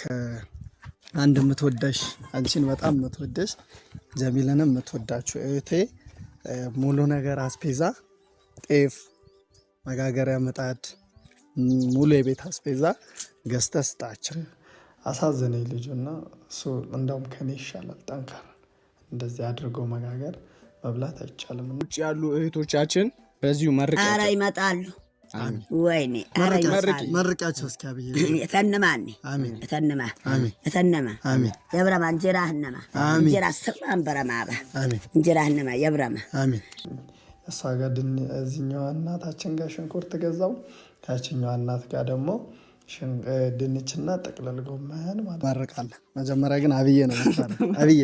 ከአንድ የምትወዳሽ አንቺን በጣም የምትወድሽ ጀሚልንም የምትወዳችሁ እህቴ ሙሉ ነገር አስፔዛ፣ ጤፍ፣ መጋገሪያ ምጣድ፣ ሙሉ የቤት አስፔዛ ገዝተህ ስጣችን። አሳዘነኝ ልጁ እና እሱ እንደውም ከኔ ይሻላል ጠንካራ። እንደዚህ አድርገው መጋገር መብላት አይቻልም። ውጭ ያሉ እህቶቻችን በዚሁ መርቀ ይመጣሉ። ወይኔ መርቂያቸው እስኪ አብዬ እተንማ እተንማ እተንማ የብረማ እንጀራ ህነማ እንጀራ ስቅራን በረማ እንጀራ ህነማ የብረማ እሷ ጋር ድን እናታችን ጋር ሽንኩርት ገዛው ታችኛዋ እናት ጋር ደግሞ ድንችና ጥቅልል ጎመን ማረቃለ። መጀመሪያ ግን አብዬ ነው። አብዬ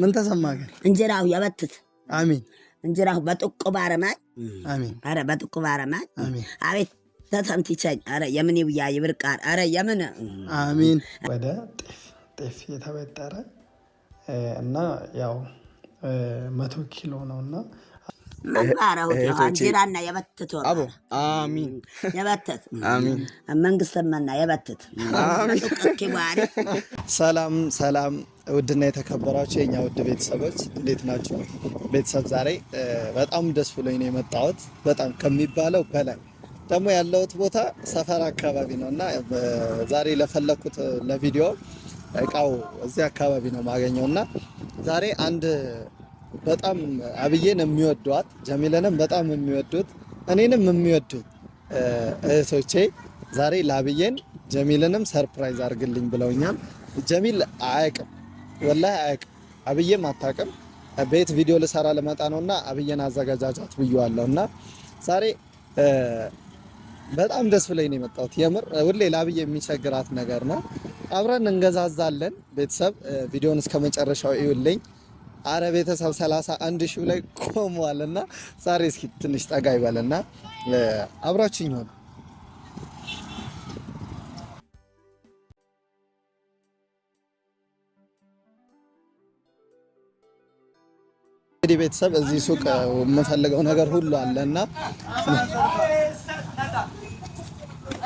ምን ተሰማ? ግን እንጀራው ያበትት አሚን እንጀራሁ በጥቁ ባረማይ አረ በጥቁ ባረማይ አቤት ተተምቲቸኝ አረ የምን ይውያ ይብር አረ የምን አሚን ወደ ጤፍ ጤፍ የተበጠረ እና ያው መቶ ኪሎ ነው እና አራሁትራና የበትት አሚን የበትት አሚን መንግስትመና የበትት ባሪ ሰላም ሰላም። ውድና የተከበራችሁ የኛ ውድ ቤተሰቦች እንዴት ናችሁ? ቤተሰብ ዛሬ በጣም ደስ ብሎኝ ነው የመጣሁት። በጣም ከሚባለው በላይ ደግሞ ያለሁት ቦታ ሰፈር አካባቢ ነው እና ዛሬ ለፈለኩት ለቪዲዮ እቃው እዚህ አካባቢ ነው የማገኘው እና ዛሬ አንድ በጣም አብዬን የሚወዷት ጀሚለንም በጣም የሚወዱት እኔንም የሚወዱት እህቶቼ ዛሬ ለአብዬን ጀሚልንም ሰርፕራይዝ አድርግልኝ ብለውኛል። ጀሚል አያቅም ወላሂ አያውቅም፣ አብዬም አታውቅም። ቤት ቪዲዮ ልሰራ ልመጣ እና አብዬን አዘጋጃጃት ብየዋለሁ እና ዛሬ በጣም ደስ ብለኝ ነው የመጣሁት። የምር ሁሌ ለአብዬ የሚቸግራት ነገር ነው። አብረን እንገዛዛለን። ቤተሰብ ቪዲዮን እስከ መጨረሻው አረ ቤተሰብ 31 ሺህ ላይ ቆመዋል እና ዛሬ እስኪ ትንሽ ጠጋ እና አብራችኝ ሆነ እንግዲህ ቤተሰብ እዚህ ሱቅ የምፈልገው ነገር ሁሉ አለ እና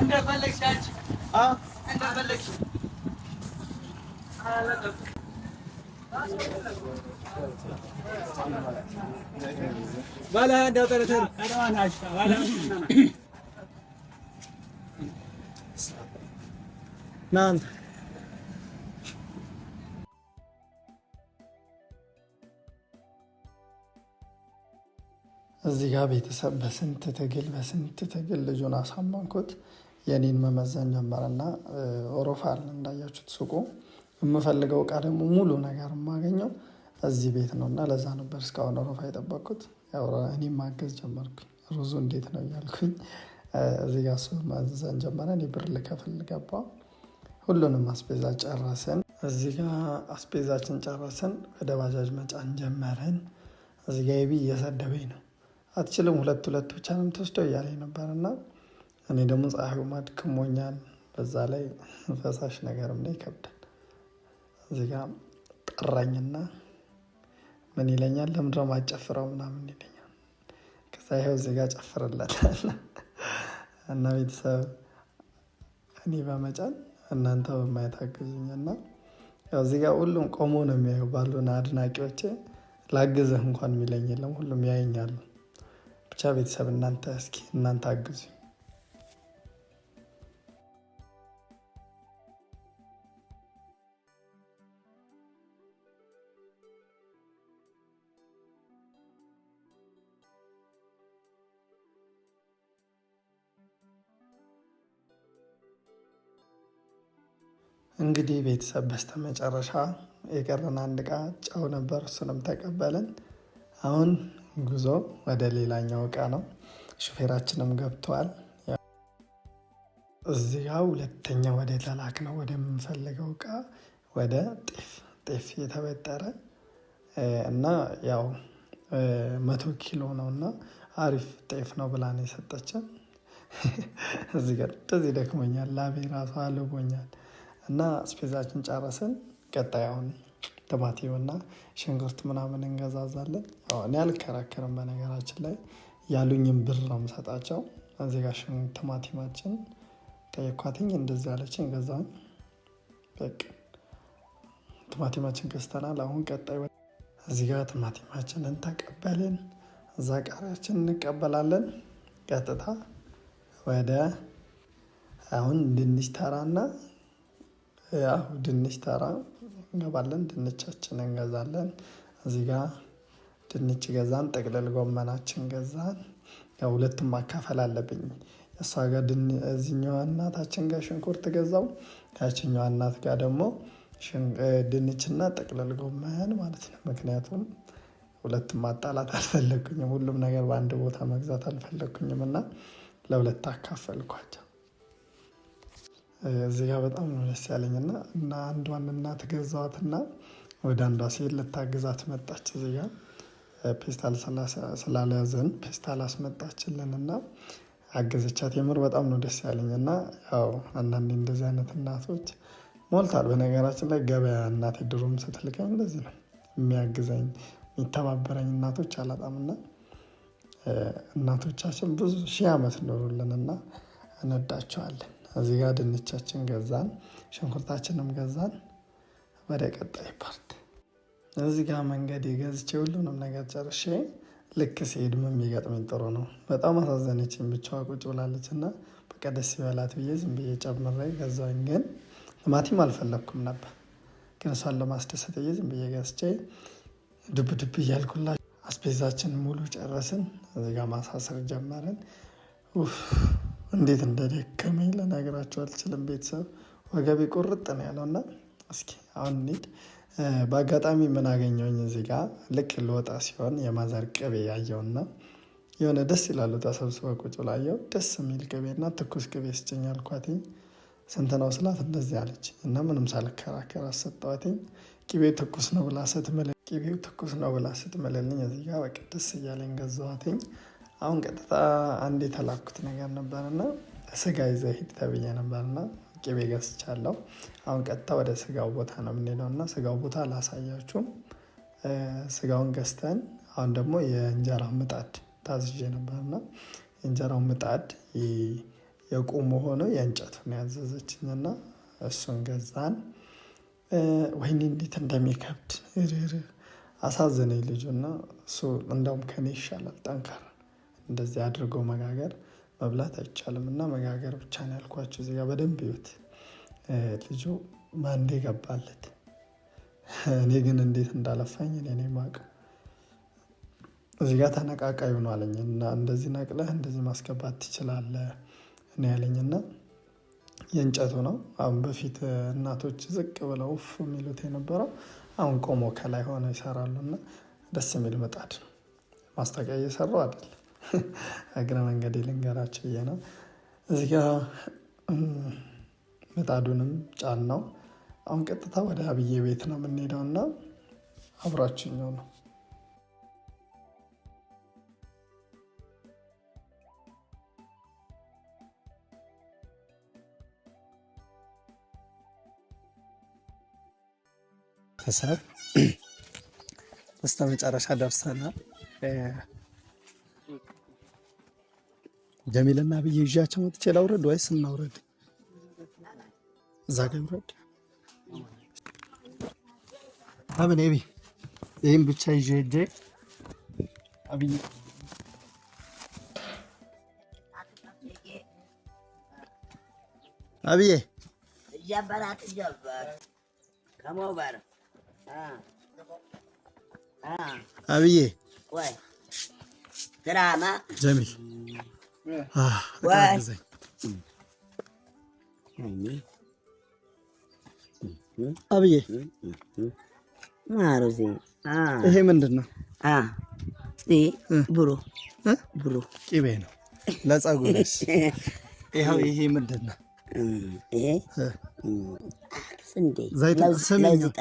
እንደፈለግሽ ናንተ እዚህ ጋር ቤተሰብ በስንት ትግል በስንት ትግል ልጁን አሳመንኩት። የኔን መመዘን ጀመረና ሮፋል እንዳያችሁት ሱቁ የምፈልገው እቃ ደግሞ ሙሉ ነገር የማገኘው እዚህ ቤት ነው እና ለዛ ነበር እስካሁን ሮፋ የጠበቅኩት። እኔ ማገዝ ጀመርኩኝ። ሩዙ እንዴት ነው እያልኩኝ እዚህ ጋ እሱ ማዘዘን ጀመረ። እኔ ብር ልከፍል ገባ። ሁሉንም አስቤዛ ጨረስን። እዚህ ጋ አስቤዛችን ጨረስን። ወደ ባጃጅ መጫን ጀመርን። እዚህ ጋ የቢ እየሰደበኝ ነው። አትችልም፣ ሁለት ሁለት ብቻ ነው የምትወስደው እያለኝ ነበር እና እኔ ደግሞ ፀሐዩ ማድክሞኛል። በዛ ላይ ፈሳሽ ነገርም ላይ ይከብዳል። እዚህ ጋ ጠራኝና ምን ይለኛል? ለምድረ ማጨፍረው ምናምን ይለኛል። ከዛ ይኸው እዚህ ጋ ጨፍርለታል እና ቤተሰብ እኔ በመጫን እናንተ በማየት አግዙኝ እና ያው እዚህ ሁሉም ቆሞ ነው የሚያዩ ባሉን አድናቂዎች ላግዝህ እንኳን የሚለኝ የለም። ሁሉም ያይኛሉ ብቻ ቤተሰብ እናንተ እስኪ እናንተ አግዙኝ። እንግዲህ ቤተሰብ በስተመጨረሻ የቀረን አንድ እቃ ጨው ነበር። እሱንም ተቀበልን። አሁን ጉዞ ወደ ሌላኛው እቃ ነው። ሹፌራችንም ገብተዋል። እዚያ ሁለተኛ ወደ ተላክ ነው ወደምንፈልገው እቃ ወደ ጤፍ ጤፍ የተበጠረ እና ያው መቶ ኪሎ ነው እና አሪፍ ጤፍ ነው ብላ የሰጠችን። እዚህ ጋር ደክሞኛል፣ ላቤ ራሱ አልቦኛል። እና ስፔዛችን ጨረስን። ቀጣይ አሁን ቲማቲም እና ሽንኩርት ምናምን እንገዛዛለን። እኔ አልከራከርም። በነገራችን ላይ ያሉኝን ብር ነው የምሰጣቸው። እዚህ ጋር ቲማቲማችን ጠየኳትኝ፣ እንደዚህ አለችኝ። ገዛኝ በቃ ቲማቲማችን ገዝተናል። አሁን ቀጣይ እዚህ ጋር ቲማቲማችንን ተቀበልን፣ እዛ ቃሪያችን እንቀበላለን። ቀጥታ ወደ አሁን ድንች ተራና ያው ድንች ተራ እንገባለን። ድንቻችን እንገዛለን። እዚህ ጋ ድንች ገዛን። ጥቅልል ጎመናችን ገዛን። ያው ሁለትም ማካፈል አለብኝ። እሷ ጋር እዚኛዋ እናታችን ጋር ሽንኩርት ገዛው። ከያችኛዋ እናት ጋር ደግሞ ድንችና ጥቅልል ጎመን ማለት ነው። ምክንያቱም ሁለትም ማጣላት አልፈለግኩኝም። ሁሉም ነገር በአንድ ቦታ መግዛት አልፈለግኩኝም እና ለሁለት አካፈልኳቸው። እዚህ ጋር በጣም ነው ደስ ያለኝ እና እና አንዷን እናት ገዛዋትና ወደ አንዷ ሴት ልታግዛት መጣች። እዚህ ጋር ፔስታል ስላለያዘን ፔስታል አስመጣችልን እና አገዘቻት። የምር በጣም ነው ደስ ያለኝ እና ያው አንዳንዴ እንደዚህ አይነት እናቶች ሞልታል። በነገራችን ላይ ገበያ እናቴ ድሮም ስትልከኝ እንደዚህ ነው የሚያግዘኝ የሚተባበረኝ እናቶች አላጣም እና እናቶቻችን ብዙ ሺህ ዓመት ኖሩልን እና እንወዳቸዋለን። እዚህ ጋር ድንቻችን ገዛን፣ ሽንኩርታችንም ገዛን። ወደ ቀጣይ ፓርት እዚህ ጋር መንገድ ገዝቼ ሁሉንም ነገር ጨርሼ ልክ ሲሄድ የሚገጥመኝ ጥሩ ነው። በጣም አሳዘነችኝ። ብቻዋ ቁጭ ብላለች እና በቃ ደስ ይበላት ብዬ ዝም ብዬ ጨምሬ ገዛኝ። ግን ቲማቲም አልፈለግኩም ነበር፣ ግን እሷን ለማስደሰት ብዬ ዝም ብዬ ገዝቼ ዱብ ዱብ እያልኩላ አስቤዛችን ሙሉ ጨረስን። እዚህ ጋር ማሳሰር ጀመርን። እንዴት እንደደከመኝ ልነግራችሁ አልችልም። ቤተሰብ ወገቤ ቁርጥ ነው ያለው እና እስኪ አሁን እንሂድ። በአጋጣሚ ምን አገኘውኝ እዚህ ጋ ልክ ልወጣ ሲሆን የማዘር ቅቤ ያየውና የሆነ ደስ ይላሉ ተሰብስበ ቁጭ ላየው ደስ የሚል ቅቤ እና ትኩስ ቅቤ ስጭኝ አልኳትኝ። ስንት ነው ስላት እንደዚህ አለች እና ምንም ሳልከራከር አሰጠዋትኝ። ቅቤ ትኩስ ነው ብላ ስትምል ቅቤው ትኩስ ነው ብላ ስትምልልኝ እዚህ ጋ በቃ ደስ እያለኝ ገዛዋትኝ። አሁን ቀጥታ አንድ የተላኩት ነገር ነበርና ስጋ ይዘህ ሂድ ተብዬ ነበርና ቅቤ ገዝቻለሁ። አሁን ቀጥታ ወደ ስጋው ቦታ ነው የምንሄደው እና ስጋው ቦታ አላሳያችሁም። ስጋውን ገዝተን አሁን ደግሞ የእንጀራ ምጣድ ታዝዤ ነበርና የእንጀራው ምጣድ የቁሙ ሆኖ የእንጨቱን ያዘዘችኝና እሱን ገዛን። ወይኔ እንዴት እንደሚከብድ አሳዘነኝ ልጁና እሱ እንደውም ከኔ ይሻላል ጠንካራ እንደዚህ አድርገው መጋገር መብላት አይቻልም እና መጋገር ብቻ ነው ያልኳቸው። ዜጋ በደንብ ይወት ልጁ በአንዴ ገባለት። እኔ ግን እንዴት እንዳለፋኝ እኔ ማቅ እዚጋ ተነቃቃይ አለኝ እና እንደዚህ ነቅለህ እንደዚህ ማስገባት ትችላለህ እኔ ያለኝና የእንጨቱ ነው። አሁን በፊት እናቶች ዝቅ ብለው ውፍ የሚሉት የነበረው አሁን ቆሞ ከላይ ሆነ ይሰራሉ እና ደስ የሚል ምጣድ ነው። ማስታወቂያ እየሰሩ አይደል? እግረ መንገድ ልንገራችሁ ብዬ ነው። እዚህ ጋ ምጣዱንም ጫን ነው። አሁን ቀጥታ ወደ አብዬ ቤት ነው የምንሄደው እና አብራችኛው ነው ከሰብ መጨረሻ ደርሰናል። ጀሚልና ብዬ ይዣቸው መጥቼ ላውረድ ወይስ እናውረድ? እዛ ጋ ይውረድ። ለምን ቢ ይህም ብቻ ይዤ ሄጄ አብይ አብዬ እያበራት ጀበር ከሞበር አብዬ ወይ ድራማ ጀሚል Ah, አብዬ ማሩዚ ይሄ ምንድን ነው? ብሎ ነው ይኸው ይሄ ምንድን ነው? እሺ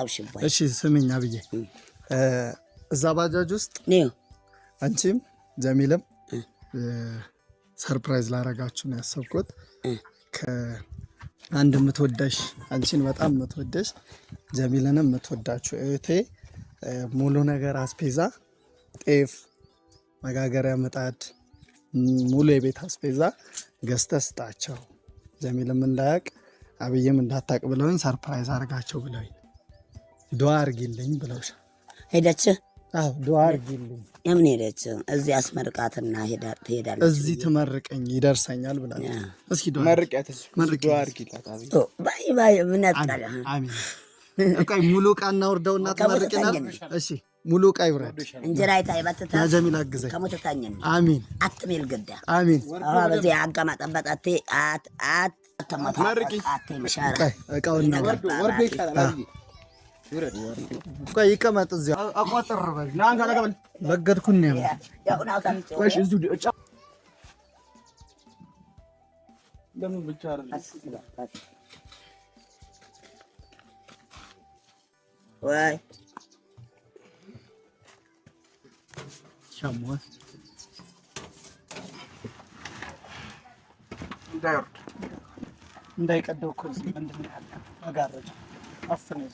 አብዬ፣ እዛ ባጃጅ ውስጥ አንቺም ጀሚልም ሰርፕራይዝ ላረጋችሁ ነው ያሰብኩት። ከአንድ የምትወደሽ አንቺን በጣም የምትወደሽ ጀሚለንም የምትወዳችሁ እህቴ ሙሉ ነገር አስፔዛ፣ ጤፍ፣ መጋገሪያ ምጣድ፣ ሙሉ የቤት አስፔዛ ገስተ ስጣቸው። ጀሚልም እንዳያቅ አብይም እንዳታቅ ብለውን ሰርፕራይዝ አርጋቸው ብለውኝ ዱአ አርጊልኝ ብለውሻል ሄደች ምን ሄደች? እዚህ አስመርቃትና ትሄዳለች። እዚህ ትመርቀኝ ይደርሰኛል ብላ ሙሉ ዕቃ እናውርደውና ትመርቅናል። ሙሉ ዕቃ ይውረድ። እንጀራ ይታይ ጀሚል አግዘኝ ከሞተታኝ አሚን አትሜል ገዳ አሚን በዚህ አጋማ ጠበጣቴ መርቂ አት መሻራ እቃውና ወርዶ ይቀራል ይቀመጥ እዚያ አቋጥር ለገድኩኝ። ለምን ብቻ እንዳይወርድ እንዳይቀደው እኮ መጋረጃ አፍን ይዞ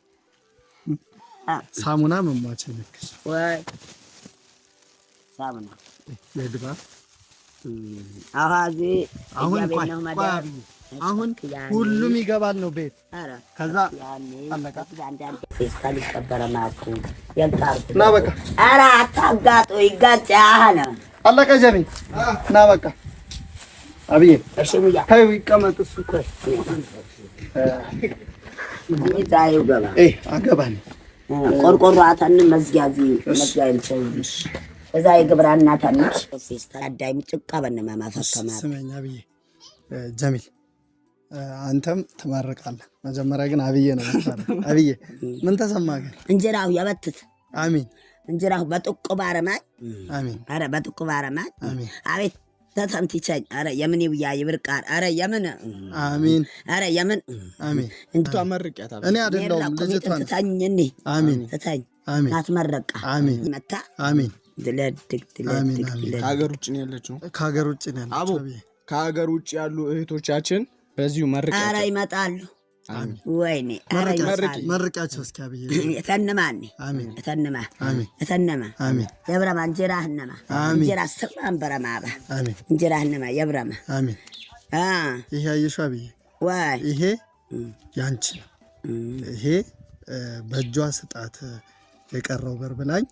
ሳሙና ነክሽ ወይ ሳሙና የድባ አሁን ሁሉም ይገባል ነው ቤት ከዛ ፌስታል ይቀበረና ና በቃ ኧረ አታጋጦ ይጋጭ ያህል አለቀ። ጀሚ ና በቃ አብዬ ተይው ይቀመጥ እሱ አገባ ነው ቆርቆሮ አታንም መዝጊያ መዝጊያ ይልቸው እዛ የግብራ እናት አለች። ታዳይም ጭቃ በነማ ማፈከማ ስመኛ አብዬ ጀሚል አንተም ትማርቃለህ። መጀመሪያ ግን አብዬ ነው ማለት አብዬ ምን ተሰማህ? ግን እንጀራው ያበትት አሚን እንጀራው በጥቁ ባረማይ አሚን አረ በጥቁ ባረማይ አሚን አቤት ተሰምቲቸኝ አረ የምን ይውያ ይብር ቃል አረ የምን አሚን አረ የምን አሜን እንግቷ መርቂያታ እኔ አይደለሁም ልጅቷ ትታኝ እኔ አሜን ትታኝ አትመረቃ አሚን መታ አሜን ድለድግ ድለድግ ከሀገር ውጭ ነው ያለችው ከሀገር ውጭ ነው ያለችው ከሀገር ውጭ ያሉ እህቶቻችን በዚሁ መርቂያ አረ ይመጣሉ ወይኔ መርቂያቸው እስኪ አብዬ የተንማ የብረማ እንጀራ ህነማ እንጀራ እንጀራ ህነማ የብረማ ይሄ አብዬ ይሄ ያንቺ ነው። ይሄ በእጇ ስጣት የቀረው ብር ብላኝ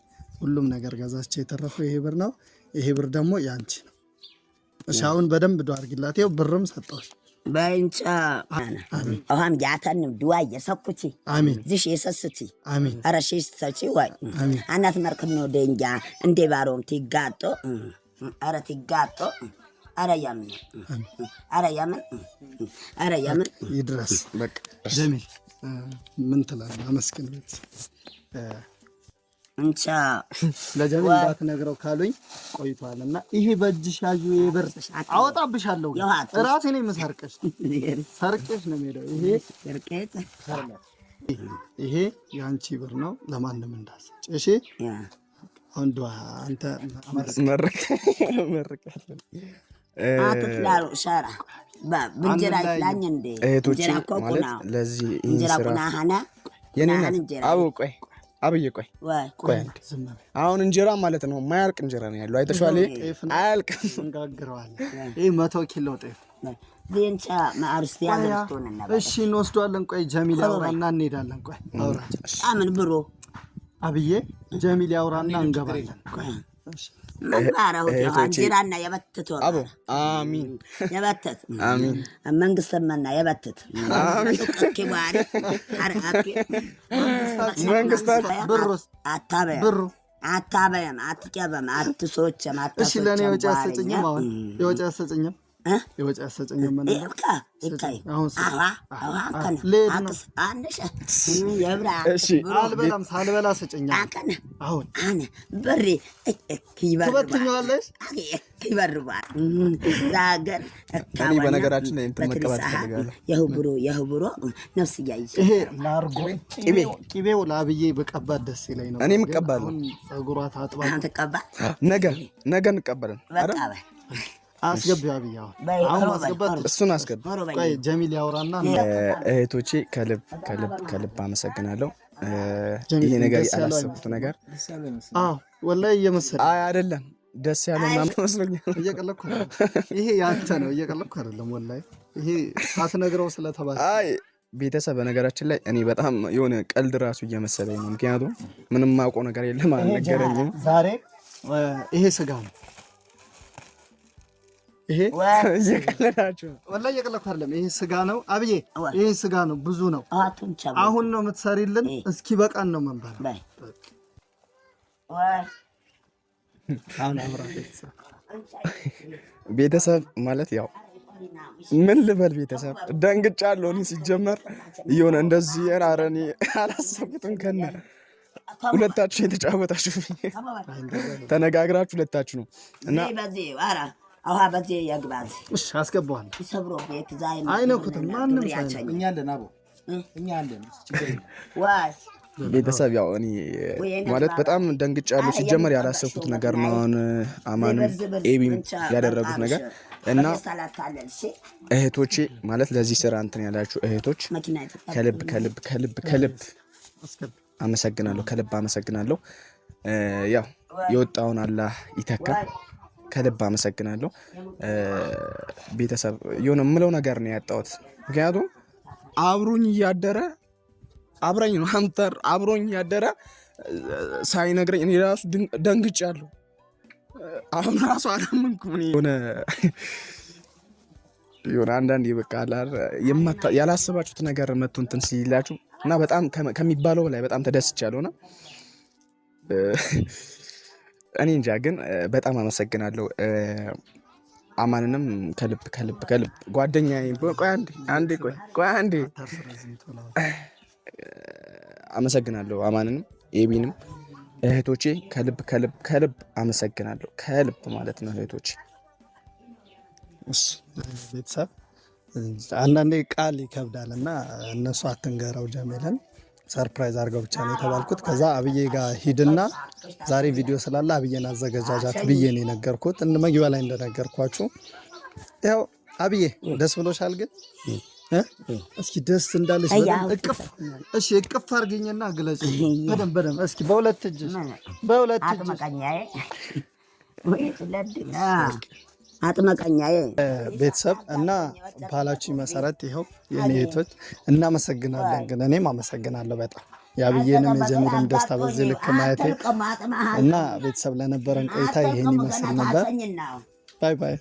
ሁሉም ነገር ገዛች። የተረፈው ይሄ ብር ነው። ይሄ ብር ደግሞ ያንቺ ነው። እሺ አሁን በደንብ ዶ አድርጊላት። ይኸው ብርም ሰጠሁሽ። በእንጫ አሁን ያተንም ድዋ የሰኩቲ ዝሽ የሰስቲ አረሽስ ሰጪ ወይ አናት መርክም ነው ደንጃ እንደ ባሮም ትጋጦ አረ ትጋጦ አረ ያምን አረ ያምን አረ ያምን ይድረስ በቃ ጀሚል ምን ትላለህ? አመስግን እንቻ ለጀሚል እንዳትነግረው ካሉኝ ቆይቷል። እና ይሄ በእጅሽ ያዩ የብር አወጣብሻለሁ። ራሴ ነኝ የምሰርቅሽ። ሰርቅሽ ነው የሚሄደው። ይሄ የአንቺ ብር ነው፣ ለማንም እንዳሰጭ። እሺ አንዱ አንተ መርቃለን ሰራ ብንጀራ ይላኝ እንዴ እህቶቼ ማለት ለዚህ ይህን ስራ የኔ ናት። ቆይ አብይ ቆይ ቆይ፣ አሁን እንጀራ ማለት ነው ማያልቅ እንጀራ ነው ያለው። አይተሽዋል? አያልቅ እንጋግረዋል። ይህ መቶ ኪሎ ጤፍ እሺ፣ እንወስዷለን። ቆይ ጀሚል ያውራና እንሄዳለን። ቆይ አብዬ ጀሚል ያውራና እንገባለን። አንጀራና የበትት አሚን የበትት አሚን መንግስትመና የበትት አታበያ አታበያም አትቀበም አትሶችም አታሶችም ለእኔ የወጪ አሰጭኝም አሁን የወጪ አሰጭኝም አልበላም ሳልበላ ስጭኝ። በነገራችን ላይ እንትን መቀባት የህብሮ ነፍስ እያየሽ ቅቤው በቀባት ደስ ይለኝ ነው። እኔም እቀባለሁ። ታጥባ ነገ ነገ አስገቢያ ብያ አሁን ማስገባት እሱን አስገባ። ጀሚል ያውራና። እህቶቼ ከልብ ከልብ ከልብ አመሰግናለሁ። ይሄ ነገር ያላሰብኩት ነገር ወላሂ እየመሰለኝ አይ፣ አይደለም ደስ ያለኝ ምናምን መስሎኛል። እየቀለኩ ይሄ ያንተ ነው። እየቀለኩ አይደለም ወላሂ፣ ይሄ ሳትነግረው ስለተባለ አይ ቤተሰብ በነገራችን ላይ እኔ በጣም የሆነ ቀልድ ራሱ እየመሰለኝ ነው። ምክንያቱም ምንም ማውቀው ነገር የለም አልነገረኝም። ዛሬ ይሄ ስጋ ነው ይሄ እየቀለዳችሁ ወላሂ እየቀለድኩ አይደለም። ይሄ ስጋ ነው አብዬ፣ ይሄ ስጋ ነው። ብዙ ነው። አሁን ነው የምትሰሪልን። እስኪ በቃን ነው መንበላ ቤተሰብ ማለት ያው ምን ልበል ቤተሰብ ደንግጫለሁ። እኔ ሲጀመር እየሆነ እንደዚህ ኧረ አላሰብኩትም። ከነ ሁለታችሁ የተጫወታችሁ ተነጋግራችሁ ሁለታችሁ ነው እና አውሃ በዜ ያግባዝ እሺ፣ አስገባዋለሁ። ይሰብሮ ቤት ዛይ አይነኩትም። ማንም እኛ አለን። አቦ እኛ አለን። ዋይ ቤተሰብ ያው እኔ ማለት በጣም ደንግጫለሁ። ሲጀመር ያላሰብኩት ነገር ነው። አማንም ኤቢም ያደረጉት ነገር እና እህቶቼ ማለት ለዚህ ስራ እንትን ያላችሁ እህቶች ከልብ ከልብ ከልብ ከልብ አመሰግናለሁ። ከልብ አመሰግናለሁ። ያው የወጣውን አላህ ይተካል። ከልብ አመሰግናለሁ። ቤተሰብ የሆነ የምለው ነገር ነው ያጣሁት። ምክንያቱም አብሮኝ እያደረ አብረኝ ነው አንተር አብሮኝ እያደረ ሳይነግረኝ እኔ ራሱ ደንግጫለሁ። አሁን ራሱ አላመንኩም። የሆነ የሆነ አንዳንድ ይበቃል ያላሰባችሁት ነገር መቶ እንትን ሲላችሁ እና በጣም ከሚባለው ላይ በጣም ተደስቻለሁ እና እኔ እንጃ ግን በጣም አመሰግናለሁ። አማንንም ከልብ ከልብ ከልብ ጓደኛ አመሰግናለሁ። አማንንም ኤቢንም እህቶቼ ከልብ ከልብ ከልብ አመሰግናለሁ። ከልብ ማለት ነው እህቶቼ። ቤተሰብ አንዳንዴ ቃል ይከብዳል እና እነሱ አትንገረው ጀሜልን ሰርፕራይዝ አድርገው ብቻ ነው የተባልኩት። ከዛ አብዬ ጋር ሂድና ዛሬ ቪዲዮ ስላለ አብዬን አዘገጃጃት ብዬ ነው የነገርኩት። መግቢያ ላይ እንደነገርኳችሁ ያው አብዬ ደስ ብሎሻል። ግን እስኪ ደስ እንዳለሽ እሺ፣ እቅፍ አድርግኝና ግለጽ በደንብ በደንብ እስኪ በሁለት እጅ በሁለት እጅ አጥመቀኛ ቤተሰብ እና ባህላችን መሰረት ይኸው የኔቶች እናመሰግናለን። ግን እኔም አመሰግናለሁ በጣም የአብዬንም የጀሚልም ደስታ በዚህ ልክ ማየቴ እና ቤተሰብ ለነበረን ቆይታ ይህን ይመስል ነበር። ባይ ባይ።